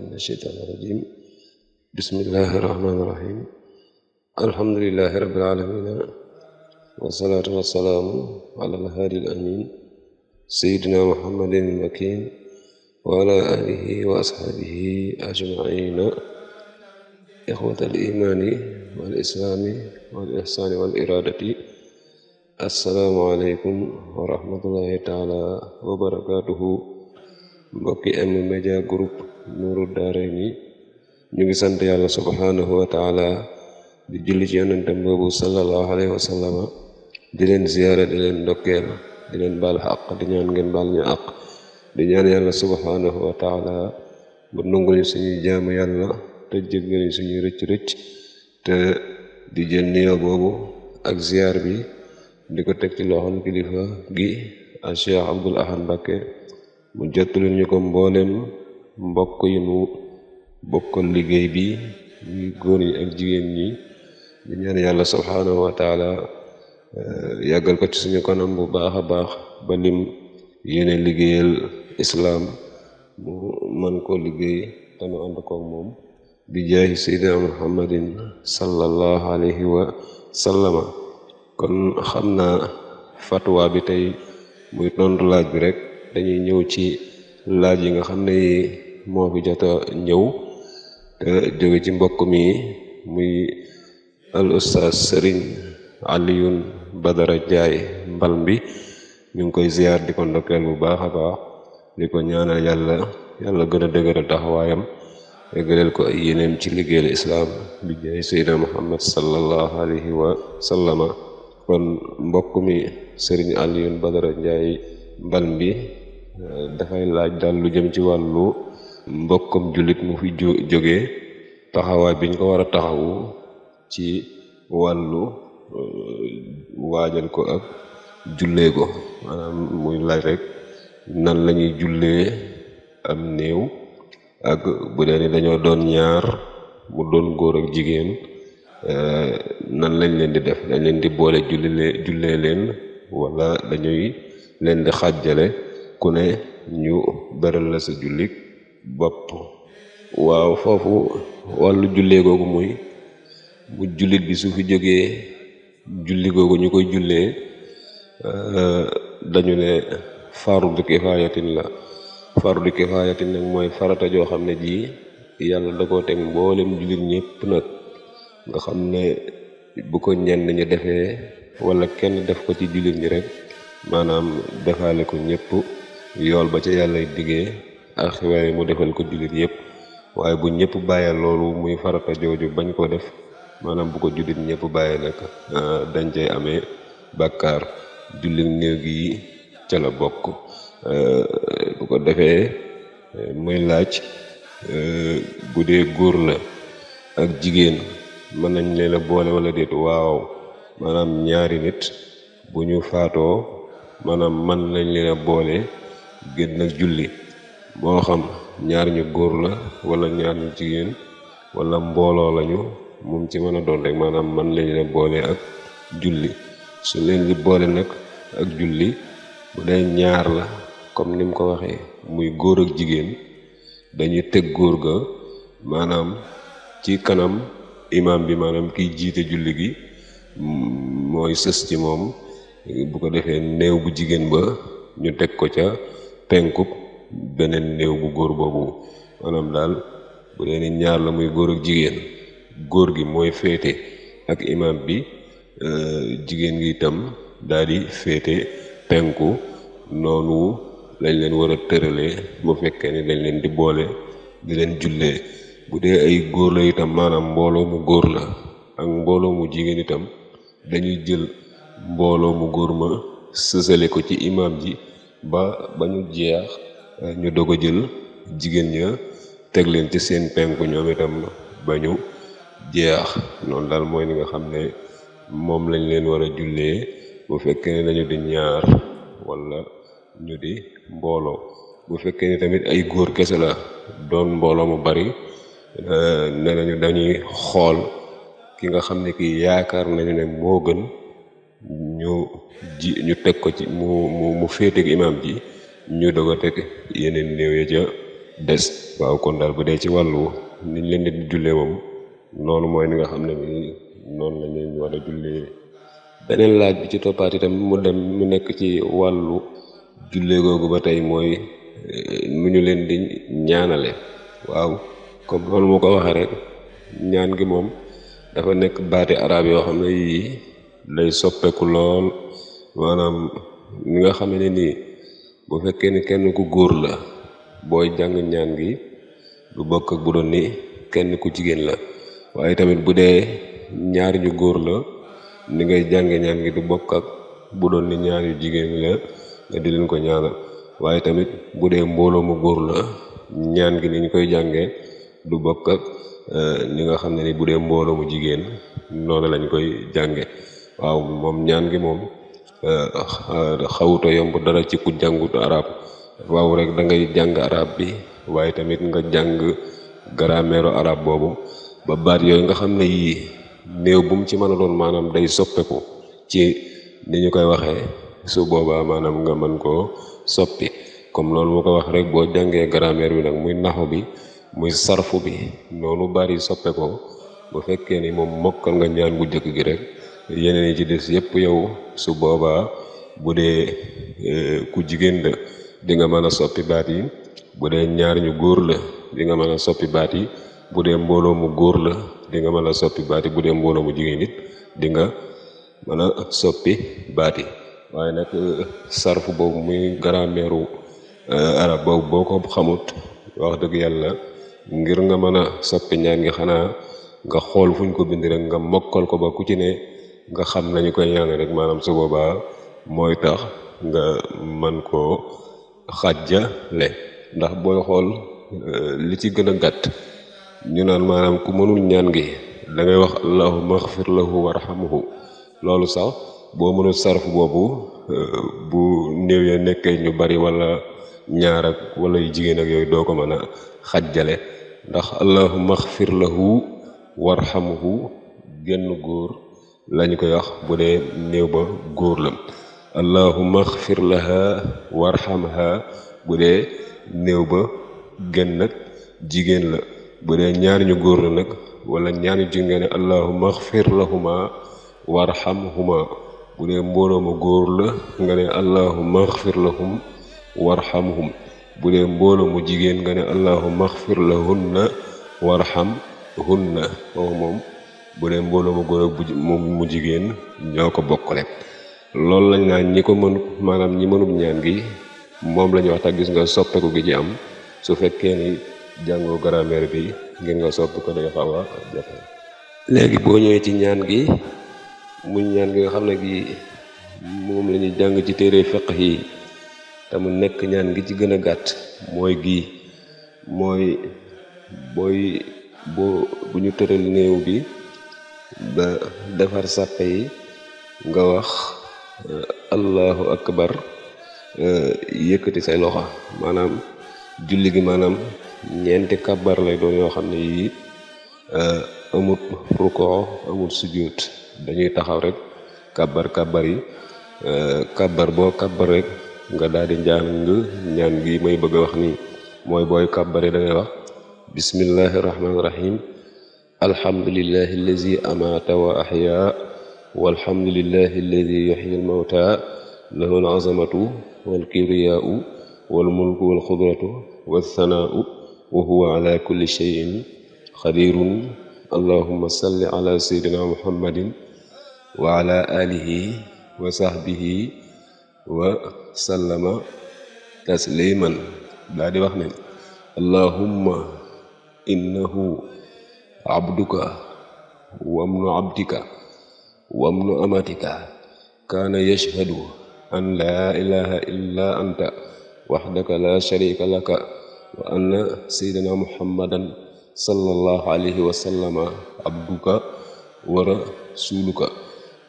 من الشيطان الرجيم بسم الله الرحمن الرحيم الحمد لله رب العالمين والصلاة والسلام على الهادي الأمين سيدنا محمد المكين وعلى آله وأصحابه أجمعين إخوة الإيمان والإسلام والإحسان والإرادة asalaamualeykum wa rahmatullahi taala wa barakaatuhu mbokki M Media Group nuuru daarayni ñu ngi sant yàlla subhanahu wa di julli ci yonentam boobu sallallahu alayhi wa di leen ziyaara di leen ndokkeel di leen baal xaq di ñaan ngeen baal ñu àq di ñaan yàlla subhanahu wa taala bu nungu ñu suñuy jaamu yàlla te jéggal ñu suñuy rëcc rëcc te di jël nuyoo boobu ak ziyaar bi di ko teg ci loxol kilifa gi a Cheikh Abdoul Ahad mu jottali ñu ko mboolem mbokk yi nu bokkal liggéey bi muy góor ñi ak jigéen ñi di ñaan yàlla subhaanahu eh, yàggal ko ci suñu kanam bu baax a baax ba lim yéene liggéeyal islaam mu man ko liggéey te nu ànd koog moom bi jaahi sayyidina muhammadin sallallahu alayhi wa kon xam naa fatwa bi tey muy tontu laaj bi rek dañuy ñëw ci laaj yi nga xam ne moo fi jot a ñëw te jóge ci mbokk mi muy al ustaas sëriñ Alioune Badara Njaay mbalm bi ñu ngi koy ziar di ko ndokkeel bu baax a baax di ko ñaanal yàlla yàlla gën a dëgëral taxawaayam eggaleel ko ay yéneem ci liggéeyal islaam bi jaay seydina muhammad sallallahu wa sallama kon mbokk mi sëriñ Alioune Badara Njaay mbal bi dafay laaj daal lu jëm ci wàllu mbokkum jullit mu fi jóge taxawaay biñ ko war a taxawu ci wàllu uh, waajal ko ak jullee ko maanaam muy laaj rek nan lañuy jullee am néew ak bu dee ni dañoo doon ñaar mu doon góor ak jigéen uh, nan lañ leen di def dañ leen di boole jullee jullee leen wala dañuy leen di xàjjale ku ne ñu beral la sa jullit bopp waaw foofu wàllu jullee googu muy bu jullit bi su fi jógee julli googu ñu koy jullee eh, dañu ne fardu kifaayatin la fardu kifaayatin nag mooy farata joo xam ne ji yàlla da ko teg mboolem jullit ñépp nag nga xam ne bu ko ñenn ñi defee wala kenn def ko ci jullit ñi rek maanaam defaale ko ñépp yool ba ca yàlla diggee ak xibaar mu defal ko jullit yëpp waaye bu ñëpp bàyyee loolu muy farata jooju bañ koo def maanaam bu ko jullit ñëpp bàyyee nag euh, dañ cay amee bàkkaar jullit néew gi ca la bokk euh, bu ko defee euh, muy laaj bu dee góor la ak jigéen mën nañ leen a boole wala déet waaw maanaam ñaari nit bu ñu faatoo maanaam man nañ leen a boole gën nag julli boo xam ñaar ñu góor la wala ñaar ñu jigéen wala mbooloo lañu moom ci mën a doon rek maanaam man lañu leen boole ak julli su leen di boole nag ak julli bu dee ñaar la comme ni mu ko waxee muy góor ak jigéen dañuy teg góor ga maanaam ci kanam imam bi maanaam kiy jiite julli gi mooy sës ci moom bu ko defee néew bu jigéen ba ñu teg ko ca penkub beneen néew bu góor boobu manam daal bu dee ni ñaar la muy góor ak jigéen góor gi mooy féete ak imaam bi euh, jigéen gi itam daal féete penku noonu lañ leen war a tëralee bu fekkee ni dañ leen di boole di leen jullee bu dee ay góor la itam maanaam mbooloo mu góor la ak mbooloo mu jigéen itam dañuy jël mbooloo mu góor ma sësale ko ci imaam ji ba ba ñu jeex ñu doog a jël jigéen ña teg leen ci seen penku ñoom itam ba ñu jeex noonu daal mooy li nga xam ne moom lañ leen war a jullee bu fekkee ne dañu di ñaar wala ñu di mbooloo bu fekkee ni tamit ay góor kese la doon mbooloo mu bari eh, ne nañu dañuy xool ki nga xam ne kii yaakaar nañu ne moo gën ñu ji ñu teg ko ci mu mu mu féete ak imaam ji ñu doog a yeneen néew ya ca des waaw kon daal bu dee ci wàllu niñ leen di jullee moom noonu mooy ni nga xam ne ni noonu la ñu jullee laaj bi ci toppaat itam mu dem mu nekk ci wàllu jullee googu ba tey mooy eh, nu ñu leen di ñaanale waaw comme loolu moo ko waxee rek ñaan gi moom dafa nekk baati araab yoo xam ne yii lay soppeeku lool maanaam ñi nga xam ne nii bu fekkee ni kenn ku góor la booy jàng ñaan gi du bokk ak bu doon ni kenn ku jigéen la waaye tamit bu dee ñaar góor la ni ngay jànge ñaan du bokk ak bu doon ni yu jigéen la nga di leen ko ñaanal waaye tamit bu dee mbooloo mu góor la ñaan gi ni ñu koy jànge du bokk ak eh, ni nga xam ne ni bu dee mbooloo mu jigéen noonu lañ koy jànge waaw moom ñaan gi moom Eh, eh, xawuta yomb dara ci ku jàngut arab waaw rek da ngay jàng arab bi waaye tamit nga jàng grammaire arab boobu ba baat yooyu nga xam ne yii néew bu mu ci mën a doon maanaam day soppeeku ci ni ñu koy waxee su boobaa maanaam nga mën koo soppi comme loolu mu ko wax rek boo jàngee grammaire bi nag muy naxu bi muy sarfu bi noonu bari soppeekoo bu fekkee ni moom mokkal nga ñaan bu jëkk gi rek yeneen yi ci des yépp yow su boobaa bu dee euh, ku jigéen la di nga mën a soppi baat yi bu dee ñaar ñu góor la di nga mën a soppi baat yi bu dee mbooloo mu góor la di nga mën a soppi baat yi bu dee mbooloo mu jigéen it di nga mën a soppi baat yi waaye nag euh, sarfu boobu muy grammaire euh, arab boobu boo ko xamut wax dëgg yàlla ngir nga mën a soppi ñaan ngi xanaa nga xool fuñ ko bindi rek nga mokkal ko ba ku ci ne nga xam nañu koy ñaane rek maanaam su boobaa mooy tax nga man koo xàjjale ndax booy xool euh, li ci gën gàtt ñu naan maanaam ku mënul ñaan gi da ngay wax allahumma xfir lahu warhamhu loolu sax boo mënul sarf boobu euh, bu néew ya nekkee ñu bari wala ñaar ak wala yu jigéen ak yooyu doo ko mën a xàjjale ndax allahumma xfir lahu warhamhu genn góor lañu koy wax bu dee néew ba góor la allahumma xfir laha warhamha bu dee néew ba gën nag jigéen la bu dee ñaar ñu góor la nag wala ñaar ñu jigéen nga ne allahumma xfir lahuma warhamhuma bu dee mbooloo ma góor la nga ne allahumma xfir lahum warhamhum bu dee mbooloo mu jigéen nga ne allahumma xfir lahunna warhamhunna moom bu dee mbooloo mu góor ak mu jigéen ñoo ko bokk rek loolu lañ naan ñi ko mënut maanaam ñi mënut ñaan gi moom lañuy wax tax gis nga soppeeku gi ci am su fekkee ni jàngoo grammaire bi ngir nga soppi ko day xaw a jafe ci ñaan gi muy ñaan gi xam ne gi moom la jàng ci téere fiq yi te mu nekk ñaan gi ci gën a gàtt mooy gii mooy booy boo bu ñu tëral néew bi ba defar sàppe yi nga wax euh, allahu akbar euh, yëkkati say loxo maanaam julli gi maanaam ñeenti kabar lay doon yoo xam ne yii euh, amut rukoo amut sujjóot dañuy taxaw rek kabar kabar yi kabar boo kabar rek nga daal di njaan nga ñaan gi may bëgg a wax nii mooy booy kabari da ngay wax bismillahi alhamdulillahi allazi amaata wa ahyaa walhamdulillahi allazi yuhyi almawta lahu alazamatu walkibriyaau walmulku walqudratu walsanaau wa huwa ala kulli shay'in qadirun allahumma salli ala sayyidina muhammadin wa ala alihi wa sahbihi wa sallama tasliman daa di wax ne allahumma innahu abduka wabnu abdika wabnu amatika kaana yashhadu an laa ilaha illa anta waxdaka la sharika laka wa anna seydina muhammadan sallallahu alayhi wa sallama abduka wa rasuluka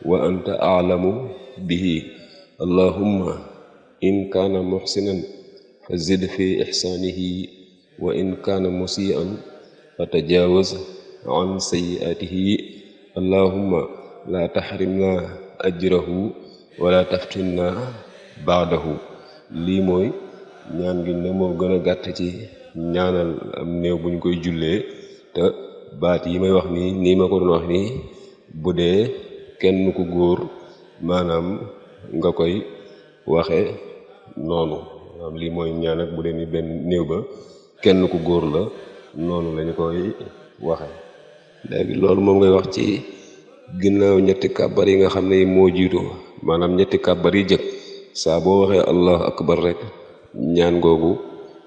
wa anta aalamu bihi allahumma in kaana muxsinan fa zid fi ixsaanihi wa in kaana musii'an fa tajaawaz an sayyi'atihi allahumma la tahrimna ajrahu wala taftinna baadahu lii mooy ñaan gi ne moo gën a gàtt ci ñaanal am néew buñ koy jullee te baat yi may wax nii nii ma ko doon wax nii bu dee kenn ku góor maanaam nga koy waxe noonu lii mooy ñaan ak bu dee ni benn néew ba kenn ku góor la noonu lañu koy waxe léegi loolu moom ngay wax ci ginnaaw ñetti kabar yi nga xam ne moo jiitu maanaam ñetti kàbbar yi jëkk saa boo waxee allahu akbar rek ñaan googu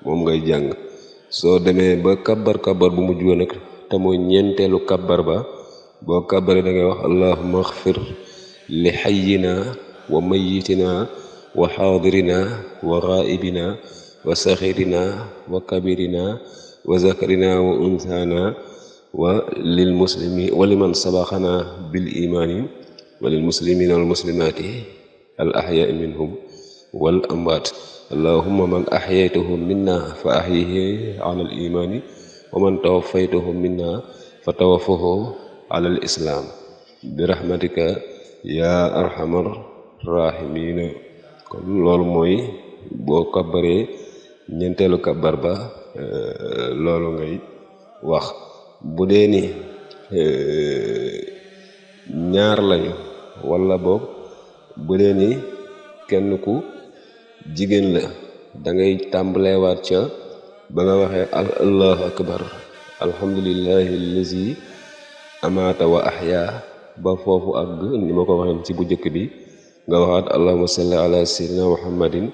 moom ngay jàng soo demee ba kàbbar kàbbar bu mujj woon nag te mooy ñeenteelu kàbbar ba boo kàbbaree da ngay wax allahumma xfir li xayina wa mayitina wa xaadirina wa raibina wa saxirina wa kabirina wa zakarina wa unsana wa lil muslimi wa liman sabaxana bil imaani wa lil muslimina wal muslimaati al minhum wal amwaat allahumma man ahyaytahu minna fa ahyihi ala al imaani wa minna fa tawaffahu ala al bi rahmatika ya arhamar rahimina kon loolu mooy boo kabbaree ñeenteelu kabbar ba eh, loolu ngay wax bu dee ni e, ñaar lañu wala boog bu dee ni kenn ku jigéen la dangay ngay ca ba nga waxee allahu akbar alhamdulillahi allazi amaata wa ahyaa ba foofu àgg ni ma ko waxee ci bu njëkk bi nga waxaat allahumma salli ala muhammadin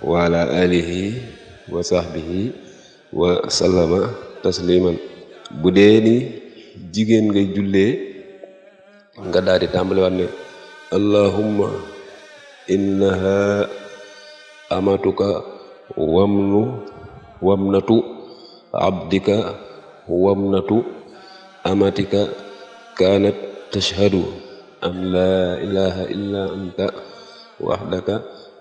wa ala wa sahbihi wa sallama tasliman bu dee ni jigéen ngay jullee nga daal di tàmbaliwaat ne allahumma innaha amatuka wamnu wamnatu abdika wamnatu amatika kaanat tashhadu an laa ilaha illa anta wahdaka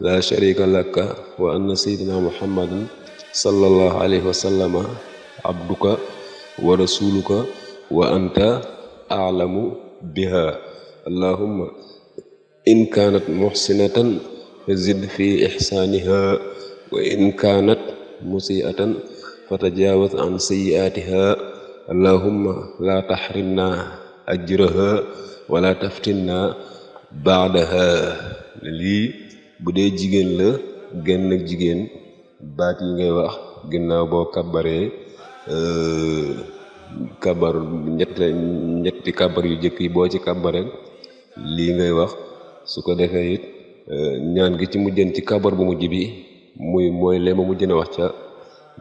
laa sharika laka wa anna sayyidina muhammadan sallallahu alayhi wa sallama wa rasuluka wa anta aalamu biha allahumma in kaanat muxsinatan zid fi ixsaaniha wa in kaanat musiatan fatajaawaz an sayiaatiha allahumma la taxrimna ajraha wala taftinna baadaha lii bu dee jigéen la gën ak jigéen baat yi ngay wax ginnaaw boo kabaree Euh, kàbbaru ñett ñetti kàbbar yu jëkk yi boo ci kàbbareel lii ngay wax su ko defee it euh, ñaan gi ci mujjan ci kàbbar bu mujj bi muy mooy lee ma mujjën wax ca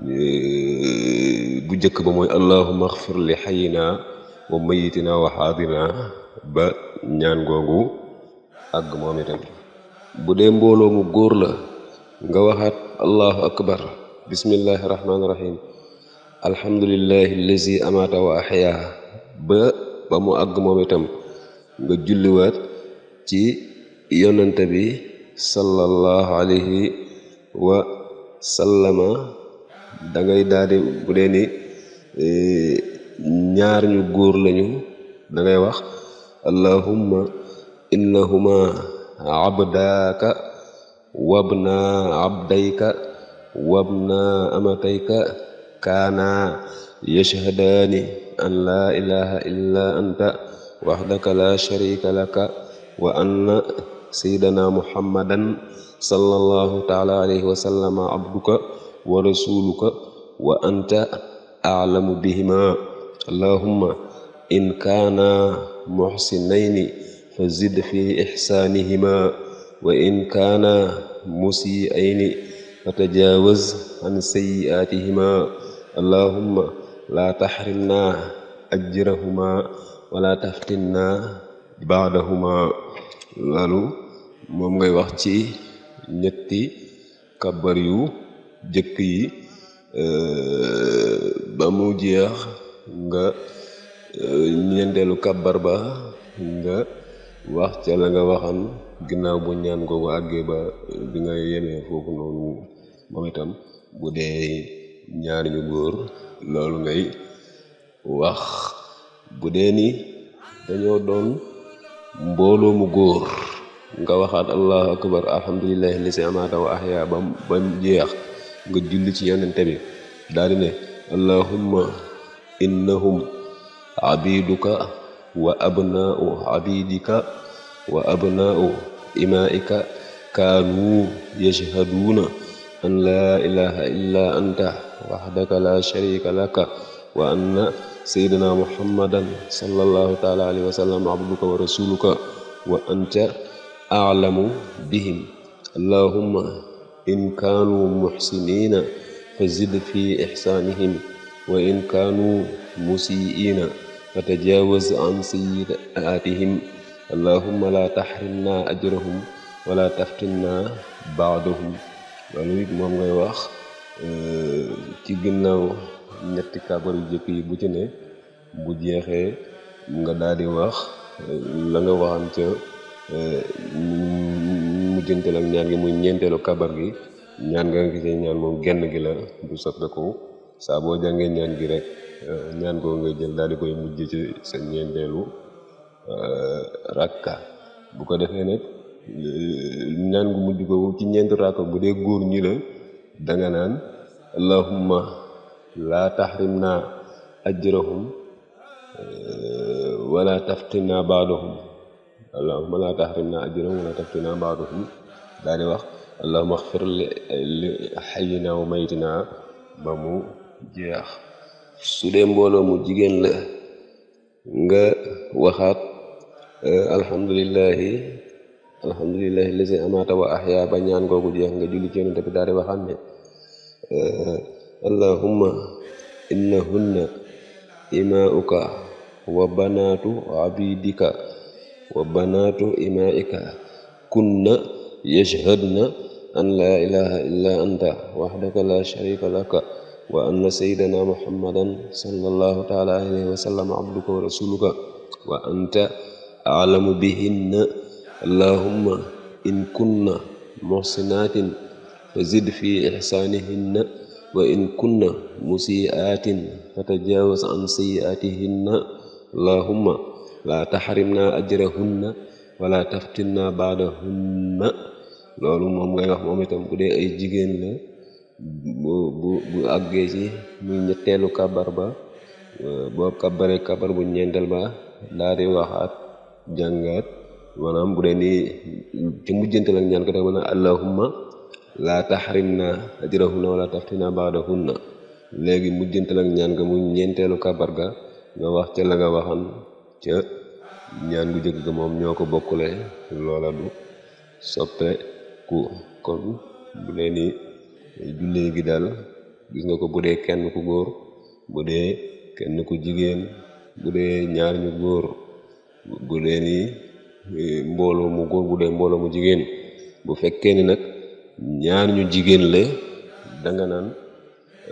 euh, bu jëkk ba mooy allahumma xfir li xayina wa mayitina wa xaadina ba ñaan googu àgg moom itam bu dee mbooloo mu góor la nga waxaat allahu akbar bismillahi rahmaani rahim alhamdulillahi allazi amaata wa ahyaa ba ba mu àgg moom itam nga julliwaat ci yonante bi sallallahu alayhi wa sallama da ngay bu dee ni e, ñaar ñu góor lañu dangay wax allahumma innahuma abdaaka wabna abdayka wabna amatayka kaana yashhadaani an laa ilaha illa anta wahdaka la sharika laka wa anna sayyidana muhammadan sallallahu taala alayhi wa sallama abduka wa rasuluka wa anta a'lamu bihima allahumma in kaana muhsinayni fa zid fi ihsanihima wa in kaana musii'ayni fa tajaawaz an sayyi'aatihima allahumma laa taxrimnaa ajrahumaa wala taftinnaa baadahumaa loolu moom ngay wax ci ñetti kabar yu jëkk yi ba mu jeex nga ñeenteelu kabar ba nga wax ca la nga waxan ginnaaw bu ñaan googu àggee ba bi nga yemee foofu noonu moom itam bu dee ñaar ñu góor loolu ngay wax bu ni dañoo doon mbooloo mu góor nga waxaat allahu akbar alhamdulillahi li si amaata wa ahya ba ba jeex nga julli ci yonente bi daal ne allahumma innahum abiduka wa abnaau abidika wa abnaau imaika kaanu yashhaduuna an laa ilaha illa anta wahdaka la sharika laka wa anna sayyidina muhammadan sallallahu taala alayhi wa sallam abduka wa rasuluka wa anta a'lamu bihim allahumma in kaanu muhsiniina fa zid fi ihsaanihim wa in kaanu musii'iina fa tajaawaz an sayyi'aatihim allahumma la tahrimna ajrahum wala taftinna ba'dahum loolu it moom ngay wax Euh, ci ginnaaw ñetti kaabar yu jëkk yi bu ci ne bu jeexee nga daal di wax euh, la nga waxam ca euh, mujjantal ak ñaan gi muy ñeenteelu kabar gi ñaan nga nga gisee ñaan moom genn gi la du soppeeku saa boo jàngee ñaan gi rek ñaan koo nga jël daal di koy mujj ci sa ñeenteelu rakka bu ko defee nag ñaan gu mujj ko ci ñeenti rakka bu dee góor ñi la danga naan allahumma laa tahrimna ajrahum eh, wala taftinna baadahum allahumma laa tahrimna ajrahum wala taftinna baadahum daa di wax allahumma axfir li xayina wa maytina ba mu jeex su dee mbooloo mu jigéen la nga waxaat eh, alhamdulillahi alhamdulilahi lazi amata wa ahya ba ñaan googu jeex nga julli ci yonente bi daal eh, allahumma innahunna imaa'uka wa banaatu abidika wa banaatu imaa'ika kunna yashhadna an laa ilaha illa anta wahdaka la sharika laka wa anna sayyidana muhammadan sallallahu taala alayhi wa sallam wa rasuluka wa anta a'lamu bihinna allahumma in kunna muxsinaatin fa zid fi ixsaanihinna wa in kunna musiiaatin fa tajaawaz an sayiaatihinna allahumma laa taxrimnaa ajrahunna wala taftinnaa baadahunna loolu moom ngay wax moom itam bu dee ay jigéen la bu bu bu àggee ci kabar ba boo kabare kabar bu ñeenteel ba daal waxaat jàngaat maanaam bu dee nii ci mujjantal ak ñaan ko tax mën a allahumma laa taxrimna ajrahunna wala taftina baadahunna léegi mujjantal ak ñaan nga mu ñeenteelu kabar ga nga wax ca la nga waxan ca ñaan gu jëkk ga moom ñoo ko bokkule loola du soppe ku kon bu dee ni julli gi daal gis nga ko bu dee kenn ku góor bu dee kenn ku jigéen bu dee ñaar ñu góor bu dee nii Eh, mbooloo mu góor bu dee mbooloo mu jigéen bu fekkee ni nag ñaar ñu jigéen la danga naan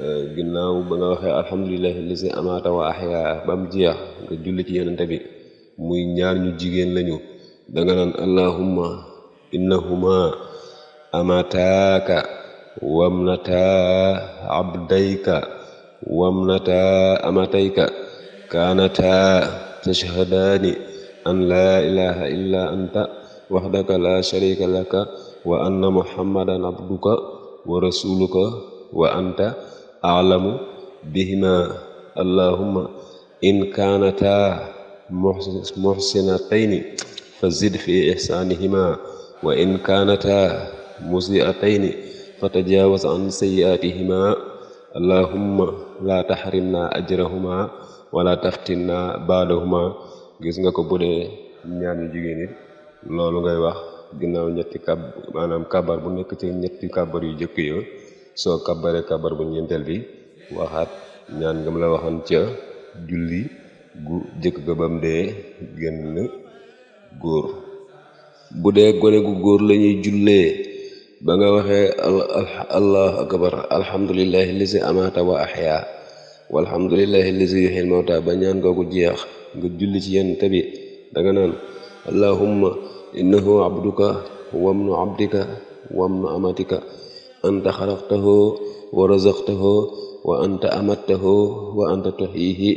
eh, ginnaaw ba nga waxee alhamdulillahi amaata wa ahya ba mu nga julli ci yonente bi muy ñaar ñu jigéen lañu danga naan allahumma innahuma amataaka wamnataa abdayka wamnataa amatayka kaanataa tashhadaani an laa ilaha illa anta wahdaka la sharika laka wa anna muhammadan abduka wa rasuluka wa anta aalamu bihima allahumma in kaanataa muxsinatayni fa zid fi ixsaanihima wa in kaanataa musiatayni fa tajaawaz an sayi'aatihima allahumma laa taxrimnaa ajrahuma wala taftinnaa baadahuma gis nga ko bu dee ñaan yu jigéen it loolu ngay wax ginnaaw ñetti kab maanaam kabar bu nekk ci ñetti kabar yu jëkk yo soo kabare kabar bu ñeenteel bi waxaat ñaan ngam la waxoon ca julli gu jëkk ga bam dee génn góor bu dee gone gu góor lañuy jullee ba nga waxee allah akbar alhamdulillahi lisi amaata wa ahyaa walhamdulillahi lazi yuhyil mawta ba ñaan googu jeex nga julli ci yenn tabi danga naan allahumma innahu abduka wabnu abdika wabnu amatika anta xalaqtahu wa razaqtahu wa anta amattahu wa anta tuhyihi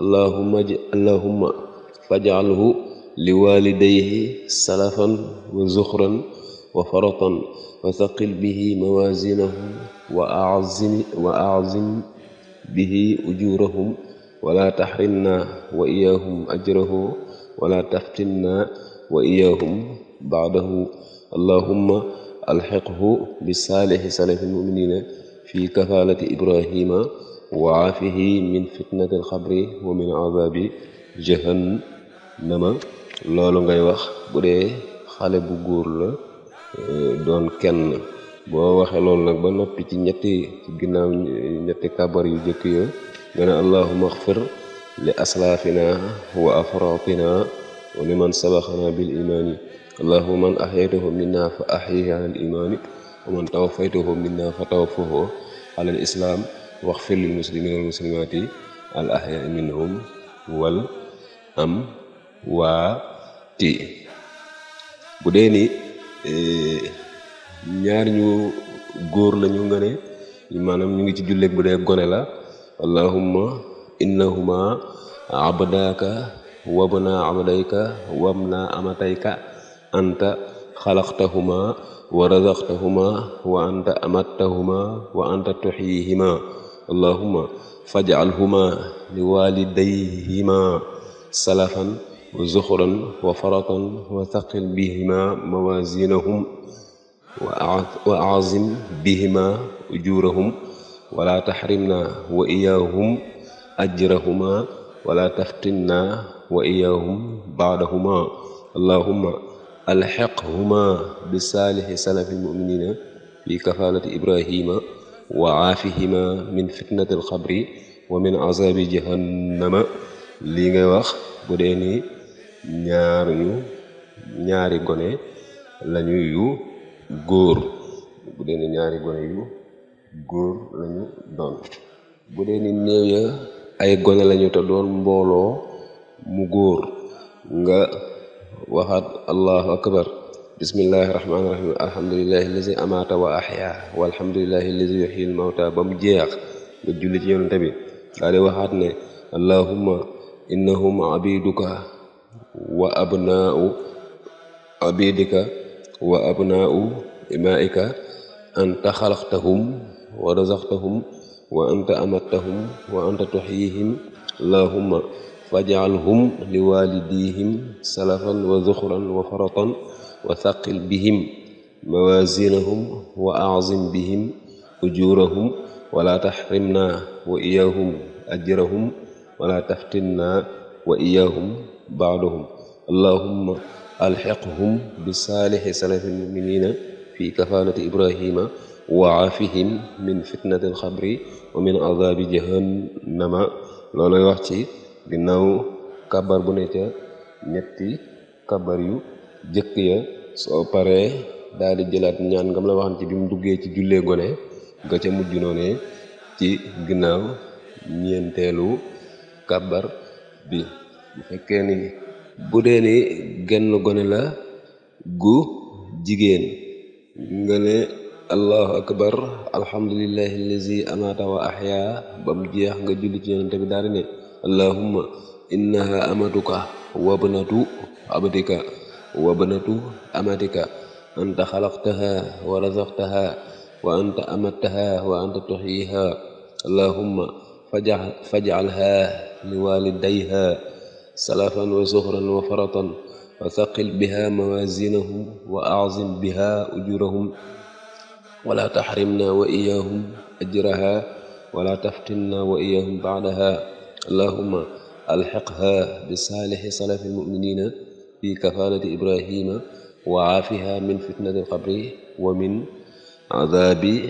allahumma allahumma faj'alhu li walidayhi salafan wa zuxran wa faratan wa thaqil bihi mawazinahum wa a'zim wa a'zim bihi ujurahum wala tahrimna wa iyahum ajrahu wala taftinna wa iyahum baadahu allahumma alxiqhu bisaalixi salafi lmuminina fi kafaalati ibrahima wa aafihi min fitnati alxabri wa min azabi jahannama loolu ngay wax bu dee xale bu góor la eh, doon kenn boo waxee lool nag ba noppi ci ñetti ginnaaw ñetti kabar yu jëkk yo nga ne allahuma xfir li aslaafina wa afratina wa liman sabaxana bil imaani allahuma man axyaytahu minna fa axyihi ala al imaani wa man tawafaytahu minna fa tawafahu ala al islaam waxfir lil muslimina wal muslimaati al axyaai minhum wal am waati bu dee ni eh, ñaar ñu góor lañu nga ne maanaam ñu ngi ci julleeg bu dee gone la allahumma innahuma abdaka wabna abdayka wabna amatayka anta xalaqtahuma wa razaqtahuma wa anta amattahuma wa anta tuxyihima allahumma faj'alhuma li walidayhima salafan wa zuxran wa faratan wa thaqil bihima mawazinahum wa aazim bihima ujurahum wala taxrimna wa iyaahum ajrahuma wala taftinna wa iyaahum baadahuma allahumma alxiqhuma bisaalixi salafi lmuminina fi kafaalati ibrahima wa aafihima min fitnati alxabri wa min azaabi jahannama lii ngay wax bu dee ni ñaar ñu ñaari gone lañu yu góor bu dee ni ñaari gone yu góor lañu doon bu dee ni néew ya ay gone lañu te doon mbooloo mu góor nga waxaat allahu akbar bismillahi rahmaani rahim alhamdulilahi lazi amaata wa ahyaa walhamdulilahi lazi yuhyil mawta ba mu jeex nga julli ci yonente bi daa waxaat ne allahumma innahum abiduka wa abnaau abidika wa abnaau imaika anta xalaqtahum wa razaqtahum wa anta amattahum wa anta tuxyihim allahumma faj'alhum liwaalidihim salafan wa zuxran wa faratan wa thaqil bihim mawazinahum wa a'zim bihim ujurahum wala taxrimna wa iyahum ajrahum wala taftinna wa iyahum baadahum allahumma alxiqhum bi saalixi salafil muminina fi kafaanati ibrahima wa aafihim min fitnati alxabri wa min adaabi jahannama loolay wax ci ginnaaw kabar bu ne ca ñetti kabar yu jëkk ya soo paree daal di jëlaat ñaan ngam la waxam ci bi duggee ci jullee gone nga ca mujj noonee ci ginnaaw ñeenteelu kabar bi bu fekkee ni bu dee ni genn gone la gu jigéen nga ne allahu akbar alhamdulillahi allazi amaata wa ahya bam jeex nga julli ci yonente bi daal di ne allahumma innaha amatuka wabnatu abdika wabnatu amatika anta xalaqtaha wa razaqtaha wa anta amattaha wa anta tuxyiha allahumma fajal fajalha li walidayha salafan wa zuxran wa faratan wa thaqil biha mawazinahum wa a'zim biha ujurahum wala taxrimna wa iyahum ajraha wala taftinna wa iyahum ba'daha allahumma alxiqha bi saalixi salafi almuminina fi kafanati ibrahima wa aafiha min fitnati alqabri wa min adaabi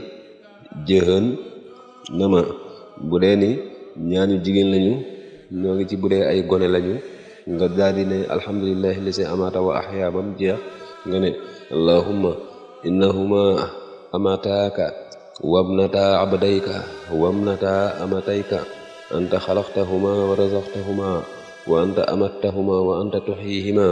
jahannama bu dee ni ñaanu jigéen lañu ñoo ngi ci bu ay gone lañu nga daal di ne alhamdulillahi lisi wa ahya bam jeex nga allahumma innahuma amataaka wabnata abdayka wabnata amatayka anta xalaqtahuma wa razaqtahuma wa anta amattahuma wa anta tuhyihima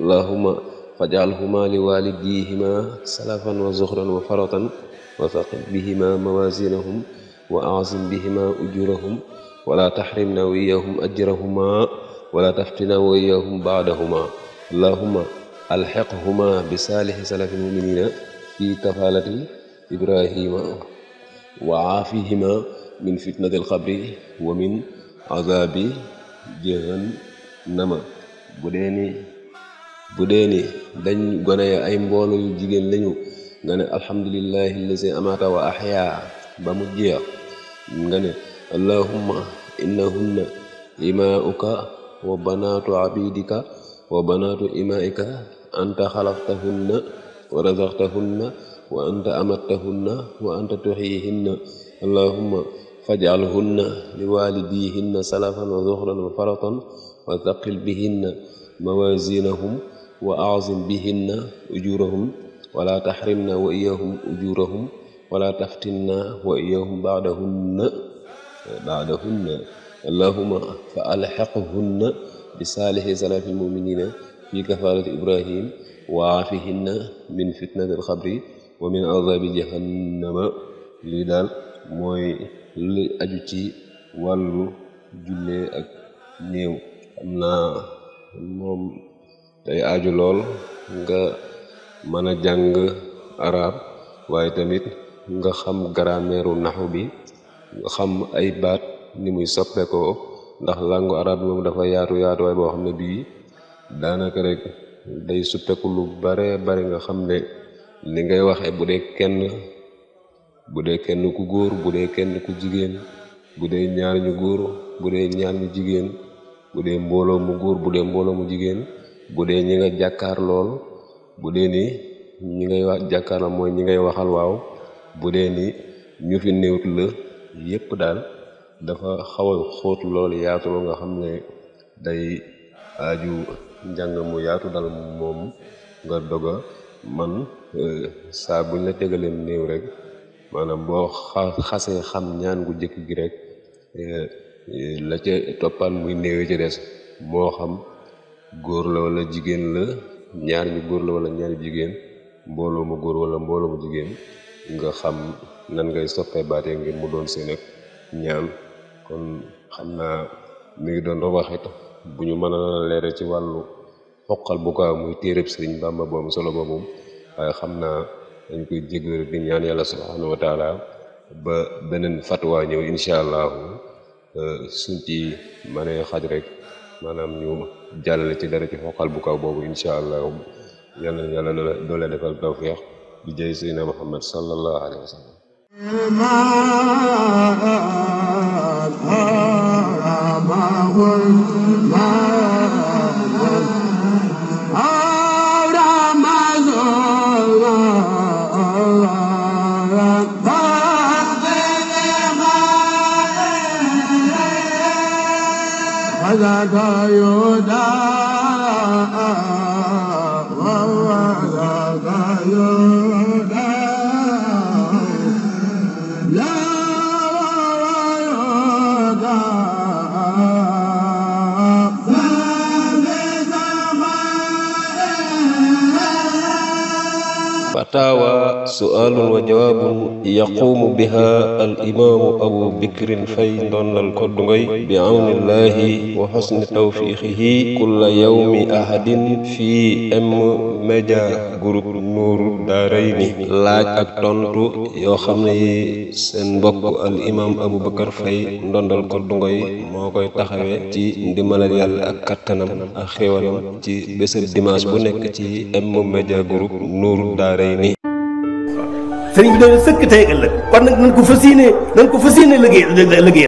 allahumma faj'alhuma li walidihima salafan wa zuxran wa faratan wa faqid bihima mawazinahum wa a'zim bihima ujurahum wala taxrimna wa iyahum ajrahuma wala taftina wa iyahum baadahuma allahuma alxeqhuma bi saalixi salafi lmuminina fi kafalati ibrahima wa aafihima min fitnati alxabri wa min azabi jahannama bu dee ni bu dee ni dañ gone ay mbooloo yu jigéen lañu nga ne alhamdulillahi allazi amata wa axyaa ba mu jeex nga ne allahumma innahunna imaa'uka wa banaatu abidika wa banaatu imaa'ika anta xalaqtahunna wa razaqtahunna wa anta amattahunna wa anta tuxiihinna allahumma faj'alhunna liwaalidiihinna salafan wa zuxran wa faratan wa thaqil bihinna mawazinahum wa a'zim bihinna ujurahum wala taxrimna wa iyahum ujurahum wala taftinna wa iyahum ba'dahunna baadahunna allahuma fa alxaqhunna bi saalixi salaafi lmuminina fi kafaalati ibrahim wa min fitnati alxabri wa min azabi jahannama lii daal mooy li aju ci wàllu jullee ak néew am naa moom day aju lool nga mën a jàng arab waaye tamit nga xam grammaire u bi xam ay baat ni muy soppeekoo ndax langue arabe moom dafa yaatu yaatuwaay boo xam ne bii daanaka rek day suppeeku lu bare bare nga xam ne ni ngay waxee bu dee kenn bu dee kenn ku góor bu dee kenn ku jigéen bu dee ñaar ñu góor bu dee ñaar ñu jigéen bu dee mbooloo góor bu dee mbooloo mu jigéen bu dee ñi nga jàkkaar lool bu dee ni ñi ngay wax jàkkaar la mooy ñi ngay waxal waaw bu dee ni ñu fi néewt la yépp daal dafa xaw a xóot lool yaatu lool nga xam ne day aaju njàng mu yaatu dal moom nga dog man eh, saa buñ la tegaleem néew rek maanaam boo xasee xam ñaan gu jëkk gi rek eh, eh, la ca toppal muy néewee ca des moo xam góor la walla jigéen la ñaar ñu góor la walla ñaar jigéen mbooloo mu góor wala mbooloo mu jigéen nga xam nan ngay sottee baat yi ngir mu doon seen ak ñaan kon xam naa mi ngi doon waxit bu ñu mën a leere ci wàllu xoqal bu kaaw muy téeréb sëriñ Bàmba boobu solo boobu waaye xam naa dañ koy jéggal di ñaan yàlla subhaanahu wa taala ba beneen fatwa ñëw incha allahu euh, suñ ci mënee xaj rek maanaam ñu jàllale ci dara ci xoqal bu kaaw boobu incha allahu yàlla yàlla doole defal tawfeex bi jëy seydina muhammad sallallahu alayhi wa sallam da da yo da fataawa su'aalun wa jawaabun yaquumu biha al imaamu abu bikrin fay ndondal koddu ngoy bi awnillahi wa xosni tawfiixihi kulla yawmi ahadin fii M Media Group nuuru daarayni laaj ak tontu yoo xam ne yi seen mbokk al imaam Aboubacar Faye ndondal ko dungo yi moo koy taxawee ci ndimbalal yàlla ak kattanam ak xéwalam ci bésëb dimanche bu nekk ci M-Media Group nuuru daarayni. sëriñ bi dañu sëkk tey ëllëg kon nag nañ ko fas yéenee nañ ko fas yéenee